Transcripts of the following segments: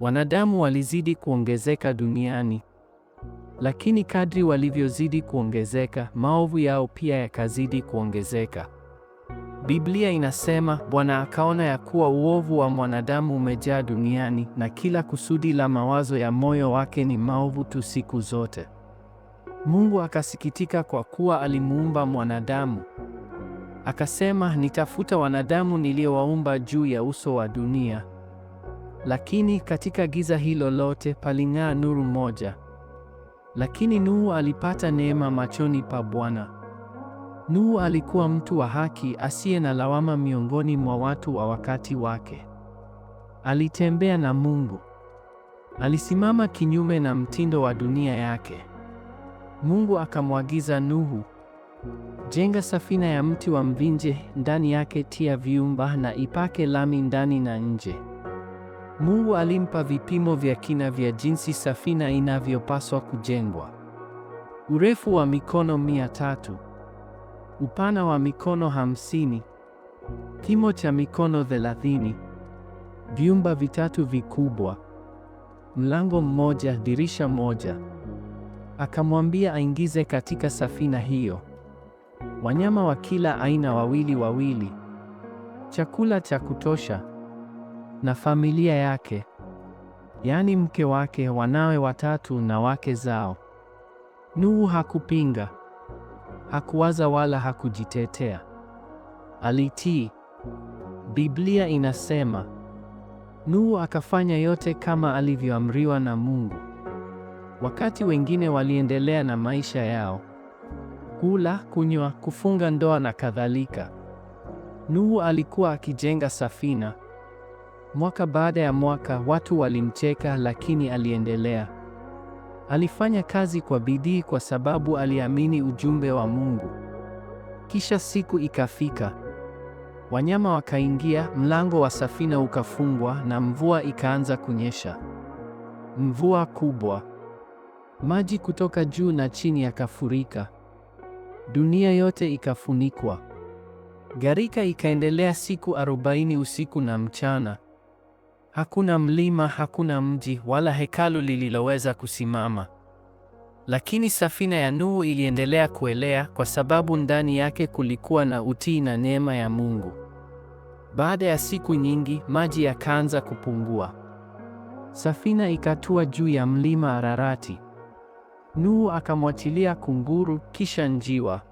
Wanadamu walizidi kuongezeka duniani. Lakini kadri walivyozidi kuongezeka, maovu yao pia yakazidi kuongezeka. Biblia inasema, Bwana akaona ya kuwa uovu wa mwanadamu umejaa duniani na kila kusudi la mawazo ya moyo wake ni maovu tu siku zote. Mungu akasikitika kwa kuwa alimuumba mwanadamu. Akasema, nitafuta wanadamu niliowaumba juu ya uso wa dunia lakini katika giza hilo lote paling'aa nuru moja. Lakini Nuhu alipata neema machoni pa Bwana. Nuhu alikuwa mtu wa haki asiye na lawama miongoni mwa watu wa wakati wake. Alitembea na Mungu. Alisimama kinyume na mtindo wa dunia yake. Mungu akamwagiza Nuhu, jenga safina ya mti wa mvinje, ndani yake tia viumba, na ipake lami ndani na nje. Mungu alimpa vipimo vya kina vya jinsi safina inavyopaswa kujengwa: urefu wa mikono mia tatu, upana wa mikono hamsini, kimo cha mikono thelathini, vyumba vitatu vikubwa, mlango mmoja, dirisha moja. Akamwambia aingize katika safina hiyo wanyama wa kila aina wawili wawili, chakula cha kutosha na familia yake, yaani mke wake, wanawe watatu na wake zao. Nuhu hakupinga, hakuwaza wala hakujitetea. Alitii. Biblia inasema Nuhu akafanya yote kama alivyoamriwa na Mungu. Wakati wengine waliendelea na maisha yao, kula, kunywa, kufunga ndoa na kadhalika, Nuhu alikuwa akijenga safina Mwaka baada ya mwaka watu walimcheka, lakini aliendelea. Alifanya kazi kwa bidii kwa sababu aliamini ujumbe wa Mungu. Kisha siku ikafika, wanyama wakaingia, mlango wa safina ukafungwa, na mvua ikaanza kunyesha, mvua kubwa. Maji kutoka juu na chini yakafurika, dunia yote ikafunikwa. Gharika ikaendelea siku arobaini usiku na mchana. Hakuna mlima, hakuna mji wala hekalu lililoweza kusimama. Lakini safina ya Nuhu iliendelea kuelea kwa sababu ndani yake kulikuwa na utii na neema ya Mungu. Baada ya siku nyingi, maji yakaanza kupungua. Safina ikatua juu ya mlima Ararati. Nuhu akamwachilia kunguru, kisha njiwa.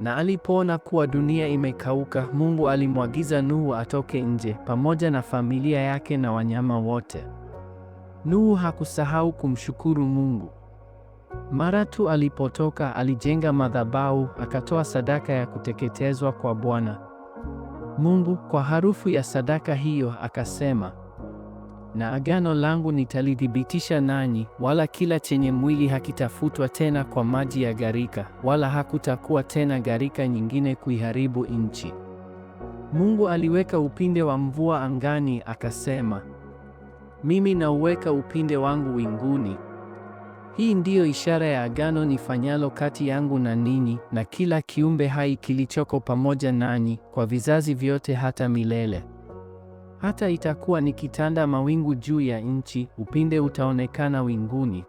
Na alipoona kuwa dunia imekauka, Mungu alimwagiza Nuhu atoke nje pamoja na familia yake na wanyama wote. Nuhu hakusahau kumshukuru Mungu. Mara tu alipotoka, alijenga madhabahu, akatoa sadaka ya kuteketezwa kwa Bwana Mungu. Kwa harufu ya sadaka hiyo akasema na agano langu nitalithibitisha nanyi, wala kila chenye mwili hakitafutwa tena kwa maji ya gharika, wala hakutakuwa tena gharika nyingine kuiharibu nchi. Mungu aliweka upinde wa mvua angani, akasema, mimi nauweka upinde wangu winguni. Hii ndiyo ishara ya agano nifanyalo kati yangu na ninyi na kila kiumbe hai kilichoko pamoja nanyi kwa vizazi vyote hata milele. Hata itakuwa nikitanda mawingu juu ya nchi, upinde utaonekana winguni.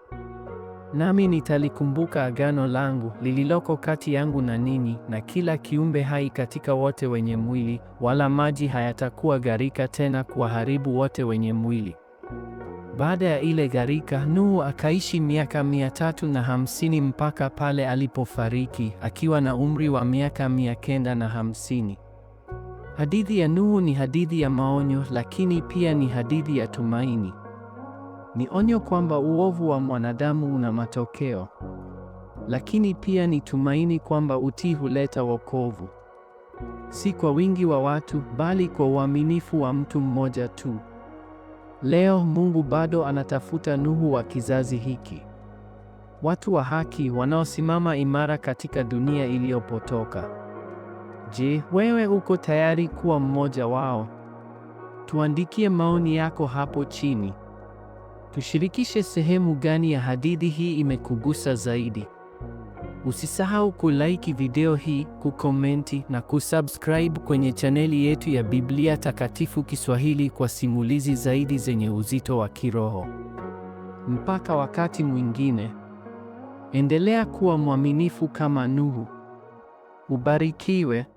Nami nitalikumbuka agano langu lililoko kati yangu na ninyi na kila kiumbe hai katika wote wenye mwili, wala maji hayatakuwa gharika tena kuwaharibu wote wenye mwili. Baada ya ile gharika, Nuhu akaishi miaka mia tatu na hamsini mpaka pale alipofariki akiwa na umri wa miaka mia kenda na hamsini. Hadithi ya Nuhu ni hadithi ya maonyo, lakini pia ni hadithi ya tumaini. Ni onyo kwamba uovu wa mwanadamu una matokeo, lakini pia ni tumaini kwamba utii huleta wokovu, si kwa wingi wa watu, bali kwa uaminifu wa mtu mmoja tu. Leo Mungu bado anatafuta Nuhu wa kizazi hiki, watu wa haki wanaosimama imara katika dunia iliyopotoka. Je, wewe uko tayari kuwa mmoja wao? Tuandikie maoni yako hapo chini. Tushirikishe sehemu gani ya hadithi hii imekugusa zaidi. Usisahau kulaiki video hii, kukomenti na kusubscribe kwenye chaneli yetu ya Biblia Takatifu Kiswahili kwa simulizi zaidi zenye uzito wa kiroho. Mpaka wakati mwingine, endelea kuwa mwaminifu kama Nuhu. Ubarikiwe.